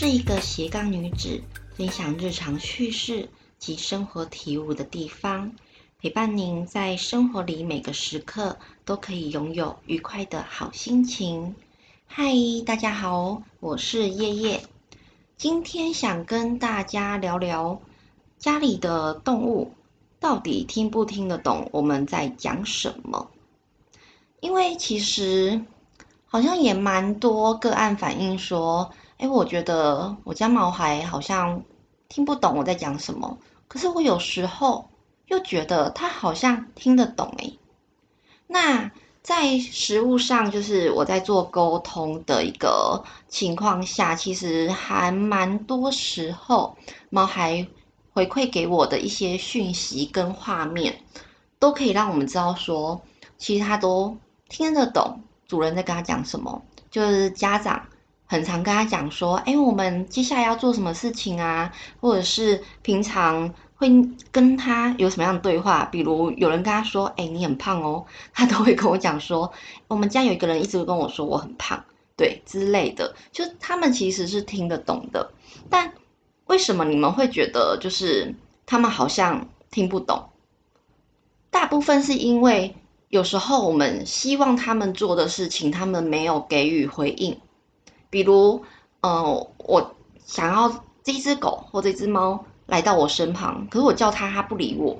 是一個斜槓女子，分享日常趣事及生活體悟的地方，陪伴您在生活裡每個時刻都可以擁有愉快的好心情。嗨，大家好，我是曄曄，今天想跟大家聊聊家裡的動物到底聽不聽得懂我們在講什麼？因為其實好像也蠻多個案反映說。哎、欸，我覺得我家毛孩好像聽不懂我在講什麼，可是我有時候又覺得他好像聽得懂誒、欸。那在實務上，就是我在做溝通的一個情況下，其實還蠻多時候，毛孩回饋給我的一些訊息跟畫面，都可以讓我們知道說，其實他都聽得懂主人在跟他講什麼，就是家長。很常跟他講說，哎、欸，我們接下來要做什麼事情啊？或者是平常會跟他有什麼樣的對話？比如有人跟他說，哎、欸，你很胖哦，他都會跟我講說，我們家有一個人一直跟我說我很胖，對之類的。就他們其實是聽得懂的，但為什麼你們會覺得就是他們好像聽不懂？大部分是因為有時候我們希望他們做的事情，他們沒有給予回應。比如，呃，我想要這只狗或這只貓來到我身旁，可是我叫它，它不理我；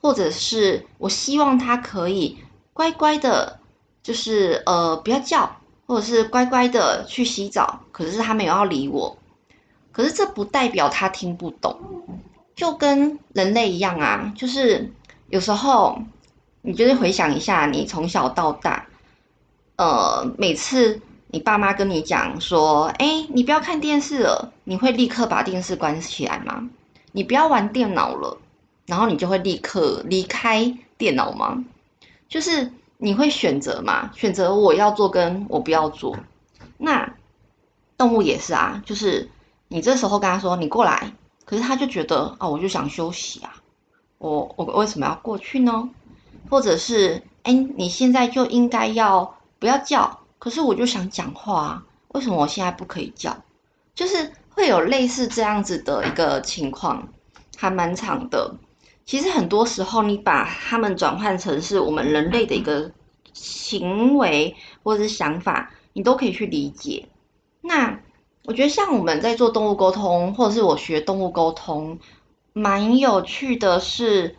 或者是我希望它可以乖乖的，就是呃，不要叫，或者是乖乖的去洗澡，可是它沒有要理我。可是這不代表它聽不懂，就跟人類一樣啊，就是有時候，你就是回想一下，你從小到大，呃，每次。你爸媽跟你講說：“誒，你不要看電視了，你會立刻把電視關起來嗎？你不要玩電腦了，然後你就會立刻離開電腦嗎？就是你會選擇嘛，選擇我要做跟我不要做。那動物也是啊，就是你這時候跟他說你過來，可是他就覺得啊，我就想休息啊，我我為什麼要過去呢？或者是誒，你現在就應該要不要叫？”可是我就想講話啊，為什麼我現在不可以叫？就是會有類似這樣子的一個情況，還蠻長的。其實很多時候，你把它們轉換成是我們人類的一個行為或者是想法，你都可以去理解。那我覺得，像我們在做動物溝通，或者是我學動物溝通，蠻有趣的是。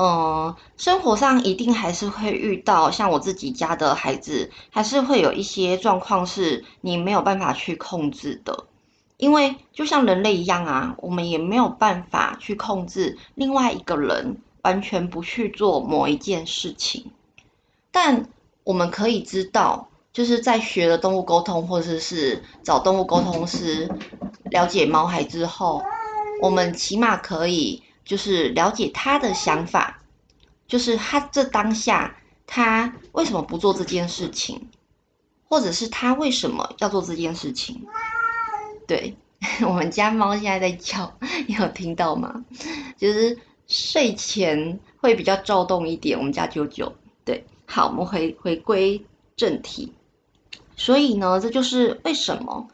嗯，生活上一定還是會遇到，像我自己家的孩子，還是會有一些狀況是你沒有辦法去控制的，因為就像人類一樣啊，我們也沒有辦法去控制另外一個人完全不去做某一件事情。但我們可以知道，就是在學了動物溝通，或者是，是找動物溝通師了解毛孩之後，我們起碼可以，就是了解他的想法，就是他這當下他為什麼不做這件事情，或者是他為什麼要做這件事情？對，我們家貓現在在叫，你有聽到嗎？就是睡前會比較躁動一點，我們家啾啾。對，好，我們回回歸正題。所以呢，這就是為什麼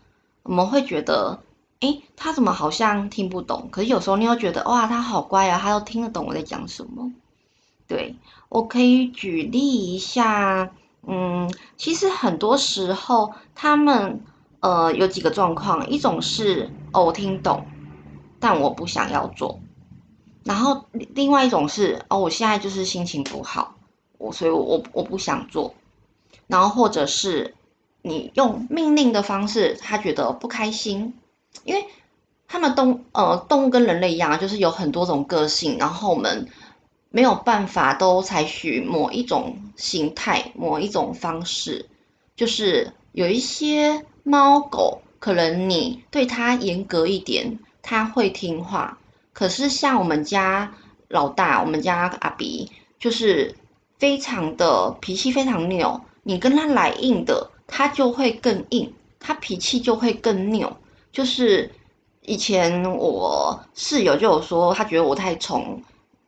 我們會覺得。哎，他怎麼好像聽不懂？可是有時候你又覺得哇，他好乖啊，他都聽得懂我在講什麼。對，我可以舉例一下，嗯，其實很多時候他們呃有幾個狀況，一種是哦，我聽懂，但我不想要做；然後另外一種是哦，我現在就是心情不好，我所以我我我不想做。然後或者是你用命令的方式，他覺得不開心。因為它們動呃動物跟人類一樣，就是有很多種個性，然後我們沒有辦法都採取某一種形態、某一種方式。就是有一些貓狗，可能你對它嚴格一點，它會聽話；可是像我們家老大，我們家阿比，就是非常的脾氣非常拗，你跟他來硬的，他就會更硬，他脾氣就會更拗。就是以前我室友就有說，他覺得我太寵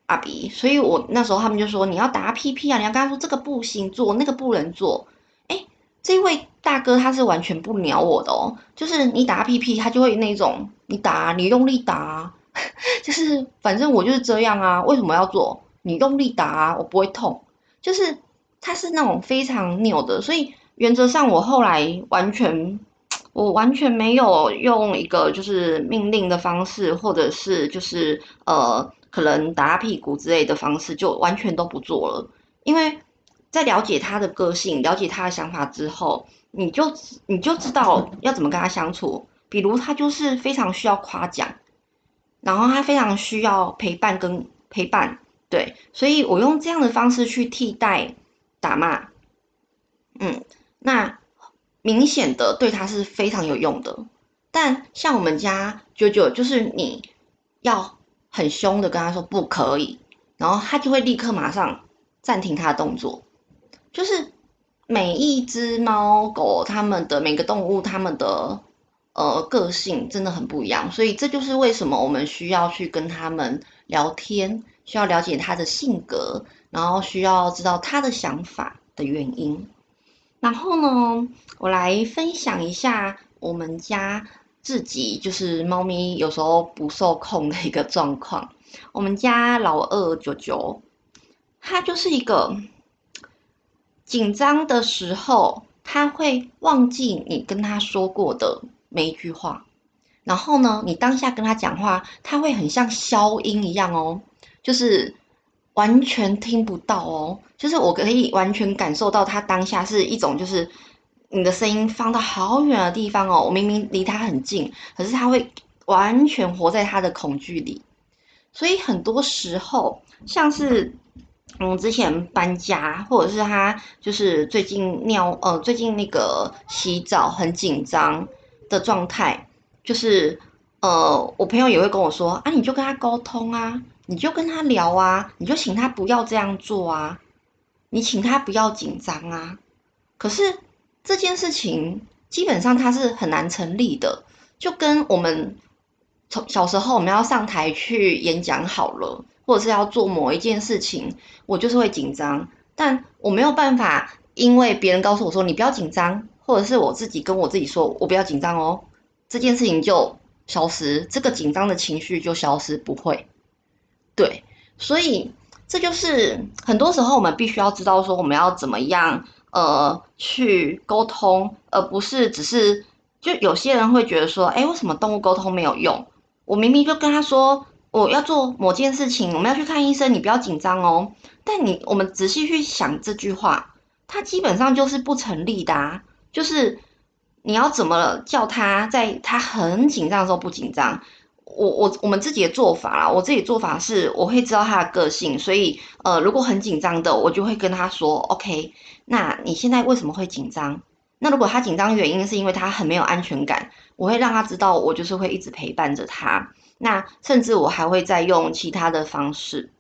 阿比，所以我那時候他們就說你要打屁屁啊，你要跟他說這個不行做那個不能做。誒這位大哥他是完全不鳥我的哦，就是你打屁屁他就會那種，你打你用力打啊， 就是反正我就是這樣啊，為什麼要做？你用力打啊，我不會痛，就是他是那種非常扭的，所以原則上我後來完全。我完全沒有用一個就是命令的方式，或者是就是呃，可能打屁股之類的方式，就完全都不做了。因為在了解他的個性、了解他的想法之後，你就你就知道要怎麼跟他相處。比如他就是非常需要誇獎，然後他非常需要陪伴跟陪伴。對，所以我用這樣的方式去替代打罵。嗯，那。明顯的對他是非常有用的，但像我們家九九，就是你要很凶的跟他說不可以，然後他就會立刻馬上暫停他的動作。就是每一隻貓狗，他們的每個動物，他們的呃個性真的很不一樣，所以這就是為什麼我們需要去跟他們聊天，需要了解他的性格，然後需要知道他的想法的原因。然後呢，我來分享一下我們家自己就是貓咪有時候不受控的一個狀況。我們家老二九九，它就是一個緊張的時候，它會忘記你跟它說過的每一句話。然後呢，你當下跟他講話，它會很像消音一樣哦，就是。完全聽不到哦，就是我可以完全感受到他當下是一種，就是你的聲音放到好遠的地方哦，我明明離他很近，可是他會完全活在他的恐懼裡。所以很多時候，像是嗯之前搬家，或者是他就是最近尿呃最近那個洗澡很緊張的狀態，就是。呃，我朋友也會跟我說啊，你就跟他溝通啊，你就跟他聊啊，你就請他不要這樣做啊，你請他不要緊張啊。可是這件事情基本上他是很難成立的，就跟我們從小時候我們要上台去演講好了，或者是要做某一件事情，我就是會緊張，但我沒有辦法，因為別人告訴我說你不要緊張，或者是我自己跟我自己說我不要緊張哦，這件事情就。消失，這個緊張的情緒就消失，不會。對，所以這就是很多時候我們必須要知道說我們要怎麼樣呃去溝通，而不是只是，就有些人會覺得說，哎、欸，為什麼動物溝通沒有用？我明明就跟他說我要做某件事情，我們要去看醫生，你不要緊張哦。但你我們仔細去想這句話，它基本上就是不成立的啊，就是。你要怎麼了？叫他在他很緊張的時候不緊張。我我我們自己的做法啦，我自己做法是，我會知道他的個性，所以呃，如果很緊張的，我就會跟他說，OK，那你現在為什麼會緊張？那如果他緊張的原因是因為他很沒有安全感，我會讓他知道，我就是會一直陪伴着他。那甚至我還會再用其他的方式，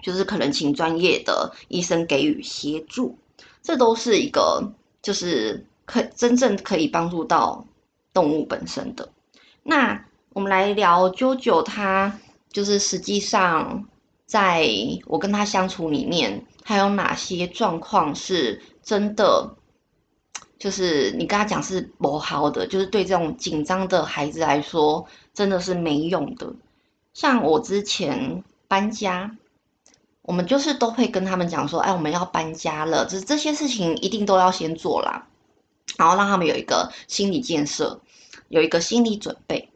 就是可能請專業的醫生給予協助。這都是一個就是。可真正可以幫助到動物本身的。那我們來聊啾啾，他就是實際上在我跟他相處裡面，還有哪些狀況是真的，就是你跟他講是不好的，就是對這種緊張的孩子來說真的是沒用的。像我之前搬家，我們就是都會跟他們講說，哎，我們要搬家了，就是這些事情一定都要先做啦。然後讓他們有一個心理建設，有一個心理準備。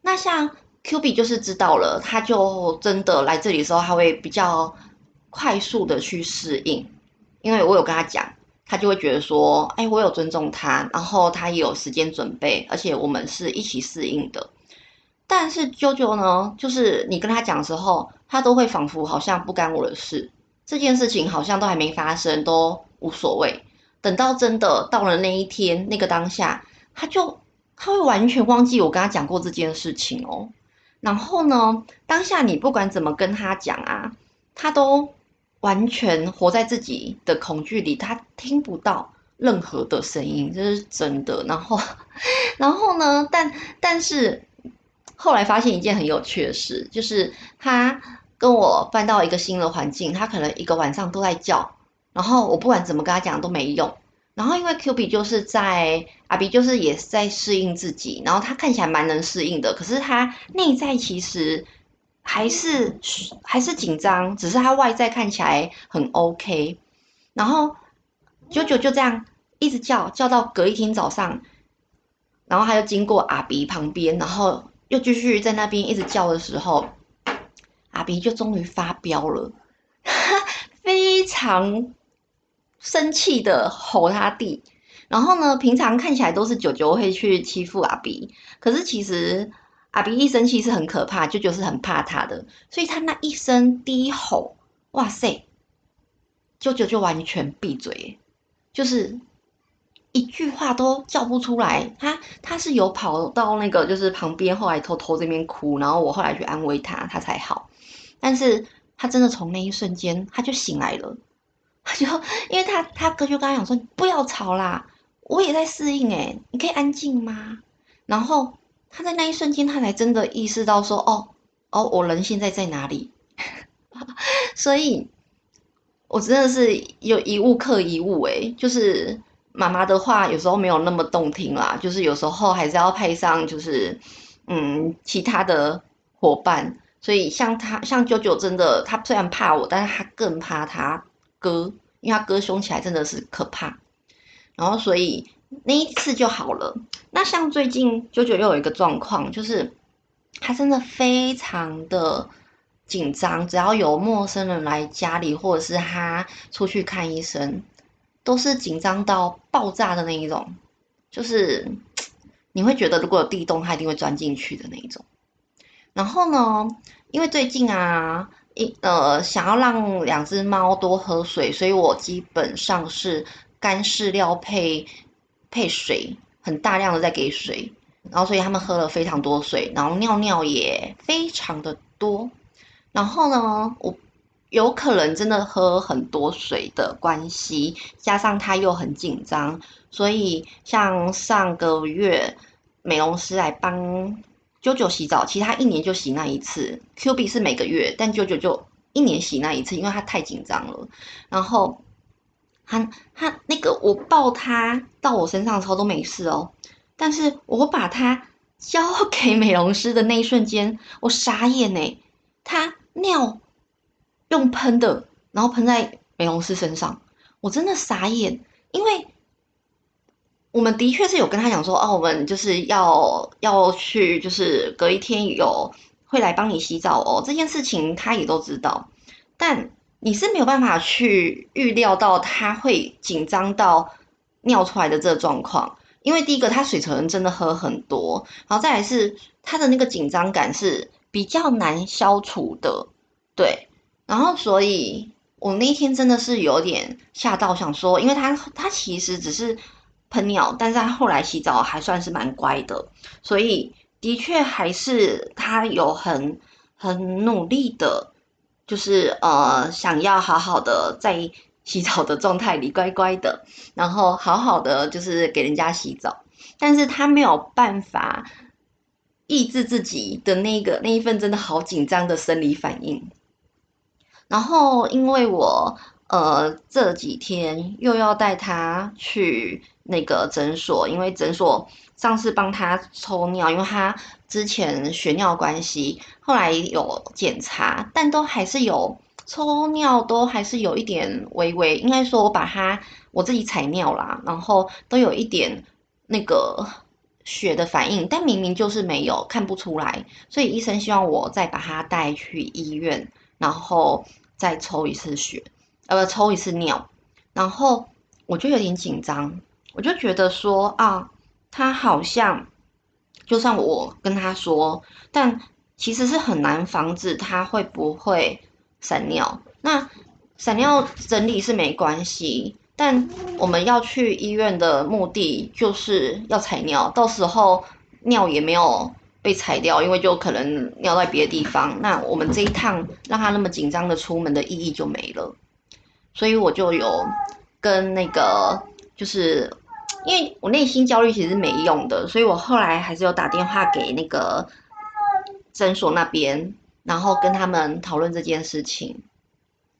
那像 QB 就是知道了，他就真的來這裡的時候，他會比較快速的去適應。因為我有跟他講，他就會覺得說：“哎，我有尊重他，然後他也有時間準備，而且我們是一起適應的。”但是啾啾呢，就是你跟他講的時候，他都會仿佛好像不干我的事，這件事情好像都還沒發生，都無所謂。等到真的到了那一天，那個當下，他就他會完全忘記我跟他講過這件事情哦。然後呢，當下你不管怎麼跟他講啊，他都完全活在自己的恐懼裡，他聽不到任何的聲音，這、就是真的。然後，然後呢，但但是後來發現一件很有趣的事，就是他跟我搬到一個新的環境，他可能一個晚上都在叫。然後我不管怎麼跟他講都沒用。然後因為 Q 比就是在阿比，就是也在適應自己。然後他看起來蠻能適應的，可是他內在其實還是還是緊張，只是他外在看起來很 OK。然後九九就這樣一直叫，叫到隔一天早上，然後他又經過阿比旁邊，然後又繼續在那邊一直叫的時候，阿比就終於發飆了， 非常。生氣的吼他弟，然後呢，平常看起來都是舅舅會去欺負阿 B，可是其實阿 B 一生氣是很可怕，舅舅是很怕他的，所以他那一聲低吼，哇塞，舅舅就完全閉嘴，就是一句話都叫不出來。他他是有跑到那個就是旁邊，後來偷偷這邊哭，然後我後來去安慰他，他才好。但是他真的從那一瞬間，他就醒來了。他就 因為他他哥就跟他講說，你不要吵啦，我也在適應哎、欸，你可以安靜嗎？然後他在那一瞬間，他才真的意識到說哦哦，我人現在在哪裡？ 所以，我真的是有一物克一物哎、欸，就是媽媽的話有時候沒有那麼動聽啦，就是有時候還是要配上就是嗯其他的夥伴，所以像他像舅舅真的他雖然怕我，但是他更怕他。哥，因為他哥凶起來真的是可怕，然後所以那一次就好了。那像最近九九 又有一個狀況，就是他真的非常的緊張，只要有陌生人來家裡，或者是他出去看醫生，都是緊張到爆炸的那一種，就是你會覺得如果有地洞，他一定會鑽進去的那一種。然後呢，因為最近啊。呃，想要讓兩隻貓多喝水，所以我基本上是乾飼料配配水，很大量的在給水，然後所以他們喝了非常多水，然後尿尿也非常的多。然後呢，我有可能真的喝很多水的關係，加上它又很緊張，所以像上個月美容師來幫。九九洗澡，其實他一年就洗那一次。Q 幣是每個月，但九九就一年洗那一次，因為他太緊張了。然後他他那個我抱他到我身上的時候都沒事哦，但是我把他交給美容師的那一瞬間，我傻眼哎，他尿用噴的，然後噴在美容師身上，我真的傻眼，因為。我們的確是有跟他講說，哦、啊，我們就是要要去，就是隔一天有會來幫你洗澡哦，這件事情他也都知道。但你是沒有辦法去預料到他會緊張到尿出來的這個狀況，因為第一個他水城真的喝很多，然後再來是他的那個緊張感是比較難消除的，對。然後所以我那天真的是有點嚇到，想說，因為他他其實只是。噴尿，但是他後來洗澡還算是蠻乖的，所以的確還是他有很很努力的，就是呃想要好好的在洗澡的狀態裡乖乖的，然後好好的就是給人家洗澡，但是他沒有辦法抑制自己的那個那一份真的好緊張的生理反應，然後因為我呃這幾天又要帶他去，那個診所，因為診所上次幫他抽尿，因為他之前血尿關係，後來有檢查，但都還是有抽尿都還是有一點微微，應該說我把他我自己採尿啦，然後都有一點那個血的反應，但明明就是沒有看不出來，所以醫生希望我再把他帶去醫院，然後再抽一次血，呃，抽一次尿，然後我就有點緊張。我就覺得說啊，他好像，就算我跟他說，但其實是很難防止他會不會撒尿。那撒尿整理是沒關係，但我們要去醫院的目的就是要採尿，到時候尿也沒有被採掉，因為就可能尿在別的地方。那我們這一趟讓他那麼緊張的出門的意義就沒了，所以我就有跟那個就是。因為我內心焦慮其實沒用的，所以我後來還是有打電話給那個診所那邊，然後跟他們討論這件事情。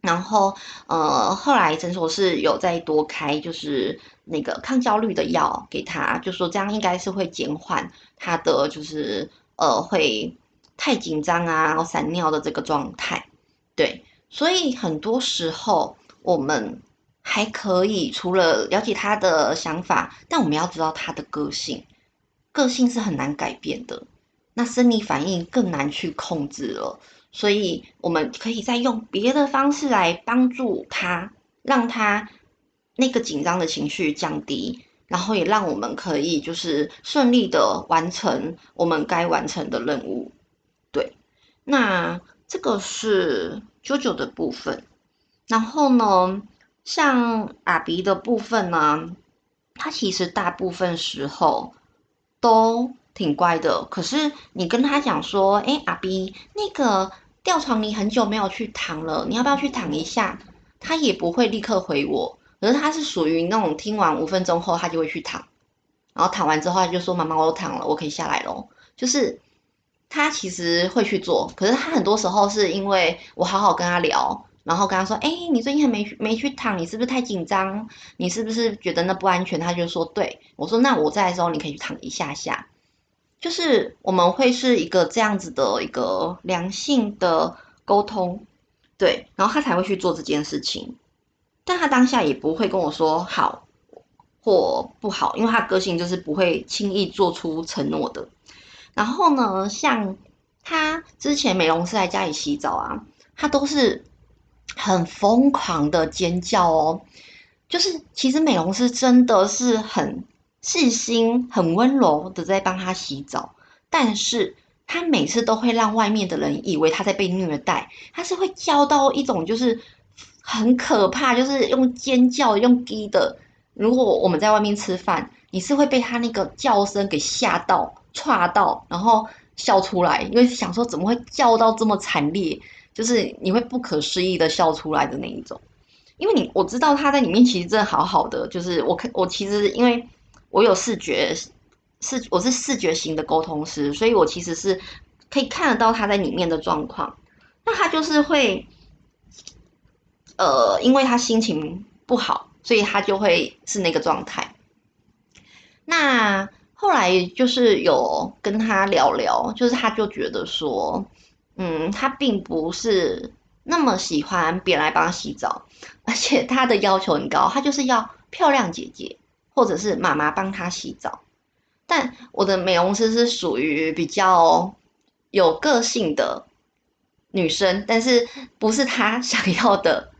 然後呃，後來診所是有再多開就是那個抗焦慮的藥給他，就說這樣應該是會減緩他的就是呃會太緊張啊，然後散尿的這個狀態。對，所以很多時候我們。還可以，除了了解他的想法，但我們要知道他的個性，個性是很難改變的，那生理反應更難去控制了，所以我們可以再用別的方式來幫助他，讓他那個緊張的情緒降低，然後也讓我們可以就是順利的完成我們該完成的任務。對，那這個是啾啾的部分，然後呢，像阿比的部分呢，啊，他其實大部分時候都挺乖的。可是你跟他講說：“誒，阿比，那個吊床你很久沒有去躺了，你要不要去躺一下？”他也不會立刻回我，可是他是屬於那種聽完五分鐘後他就會去躺，然後躺完之後他就說：“媽媽，我都躺了，我可以下來咯。”就是他其實會去做，可是他很多時候是因為我好好跟他聊。然後跟他說：“哎、欸，你最近還沒沒去躺，你是不是太緊張？你是不是覺得那不安全？”他就說：“對。”我說：“那我在的時候，你可以去躺一下下。”就是我們會是一個這樣子的一個良性的溝通，對，然後他才會去做這件事情。但他當下也不會跟我說好或不好，因為他的個性就是不會輕易做出承諾的。然後呢，像他之前美容師來在家裡洗澡啊，他都是。很瘋狂的尖叫哦，就是其實美容師真的是很細心、很溫柔的在幫它洗澡，但是它每次都會讓外面的人以為它在被虐待。它是會叫到一種就是很可怕，就是用尖叫、用嘰的。如果我們在外面吃飯，你是會被它那個叫聲給嚇到、嚇到，然後笑出來，因為想說怎麼會叫到這麼慘烈。就是你會不可思議的笑出來的那一種，因為你我知道他在裡面其實真的好好的，就是我看我其實因為我有視覺，是我是視覺型的溝通師，所以我其實是可以看得到他在裡面的狀況。那他就是會，呃，因為他心情不好，所以他就會是那個狀態。那後來就是有跟他聊聊，就是他就覺得說。嗯，他並不是那麼喜歡別人來幫他洗澡，而且他的要求很高，他就是要漂亮姐姐或者是媽媽幫他洗澡。但我的美容師是屬於比較有個性的女生，但是不是他想要的，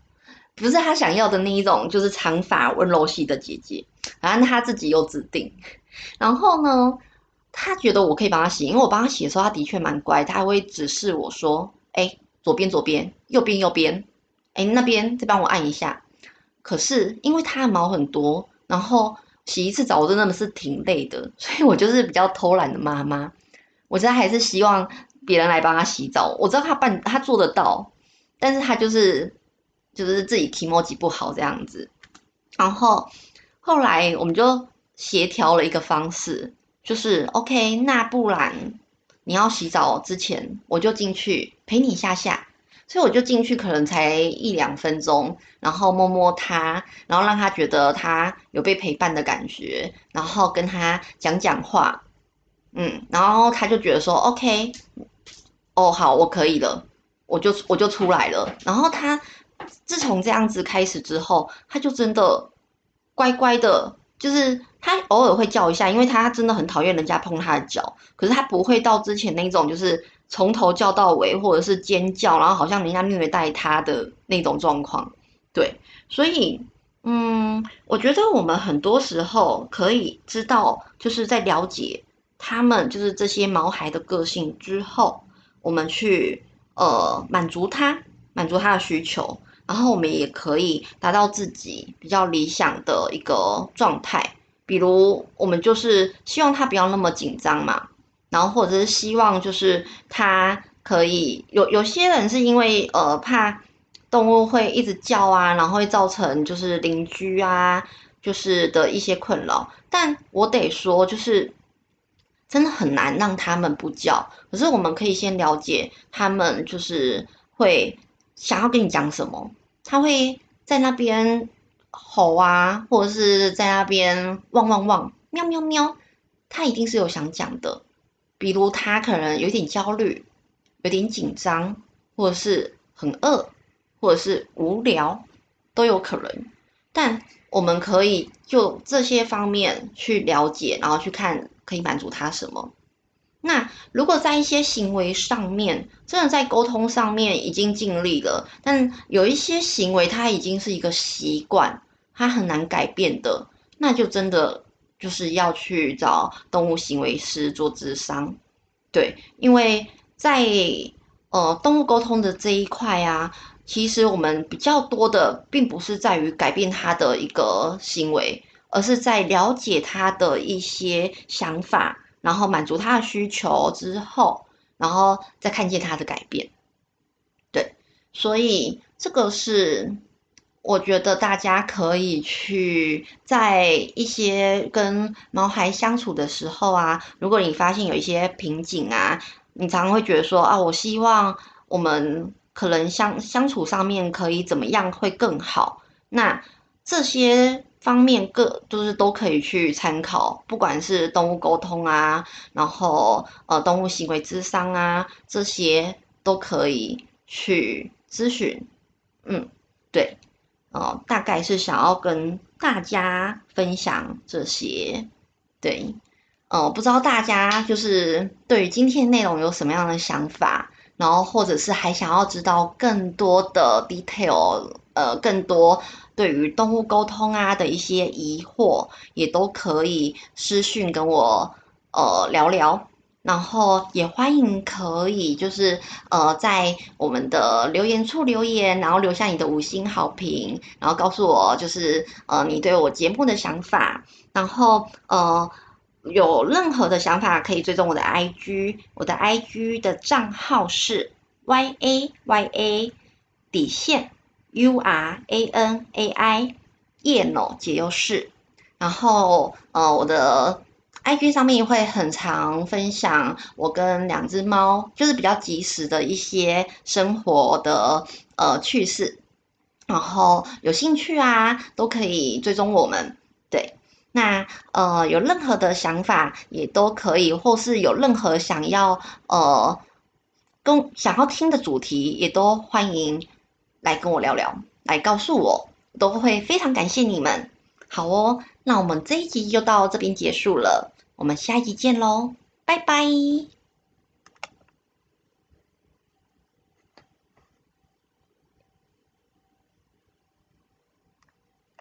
不是他想要的那一種，就是長髮溫柔系的姐姐。反正她自己又指定，然後呢，他覺得我可以幫他洗，因為我幫他洗的時候，他的確蠻乖，他還會指示我說：“哎，左邊左邊，右邊右邊，哎，那邊再幫我按一下。”可是因為他的毛很多，然後洗一次澡，我真的真的是挺累的，所以我就是比較偷懶的媽媽。我現在還是希望別人來幫他洗澡。我知道他辦他做得到，但是他就是就是自己提莫幾不好這樣子。然後後來我們就協調了一個方式。就是 OK，那不然你要洗澡之前，我就進去陪你下下，所以我就進去，可能才一兩分鐘，然後摸摸他，然後讓他覺得他有被陪伴的感覺，然後跟他講講話，嗯，然後他就覺得說 OK，哦好，我可以了，我就我就出來了，然後他自從這樣子開始之後，他就真的乖乖的。就是他偶爾會叫一下，因為他真的很討厭人家碰他的腳，可是他不會到之前那種就是從頭叫到尾，或者是尖叫，然後好像人家虐待他的那種狀況。對，所以嗯，我覺得我們很多時候可以知道，就是在了解他們就是這些毛孩的個性之後，我們去呃滿足他，滿足他的需求。然後我們也可以達到自己比較理想的一個狀態，比如我們就是希望他不要那麼緊張嘛，然後或者是希望就是他可以，有有些人是因為呃怕動物會一直叫啊，然後會造成就是鄰居啊，就是的一些困擾，但我得說就是真的很難讓他們不叫，可是我們可以先了解他們就是會。想要跟你講什麼？他會在那邊吼啊，或者是在那邊汪汪汪、喵喵喵，他一定是有想講的。比如他可能有點焦慮、有點緊張，或者是很餓，或者是無聊，都有可能。但我們可以就這些方面去了解，然後去看可以滿足他什麼。那如果在一些行為上面，真的在溝通上面已經盡力了，但有一些行為它已經是一個習慣，它很難改變的，那就真的就是要去找動物行為師做諮商。對，因為在呃動物溝通的這一塊啊，其實我們比較多的並不是在於改變它的一個行為，而是在了解它的一些想法。然後滿足他的需求之後，然後再看見他的改變，對，所以這個是我覺得大家可以去在一些跟毛孩相處的時候啊，如果你發現有一些瓶頸啊，你常常會覺得說啊，我希望我們可能相相處上面可以怎麼樣會更好，那這些方面各，就是都可以去參考，不管是動物溝通啊，然後呃動物行為諮商啊，這些都可以去諮詢，嗯，對，哦、呃，大概是想要跟大家分享這些，對，嗯、呃，不知道大家就是對於今天內容有什麼樣的想法，然後或者是還想要知道更多的 detail。呃，更多對於動物溝通啊的一些疑惑，也都可以私訊跟我呃聊聊。然後也歡迎可以就是呃在我們的留言處留言，然後留下你的五星好評，然後告訴我就是呃你對我節目的想法。然後呃有任何的想法，可以追蹤我的 IG，我的 IG 的賬號是 yaya 底線。U R A N A I 夜腦解憂室，然後呃，我的 I G 上面會很常分享我跟兩隻貓，就是比較及時的一些生活的呃趣事，然後有興趣啊都可以追蹤我們，對，那呃有任何的想法也都可以，或是有任何想要呃跟想要聽的主題，也都歡迎來跟我聊聊，來告訴我，我都會非常感謝你們。好哦，那我們這一集就到這邊結束了，我們下一集見嘍，拜拜。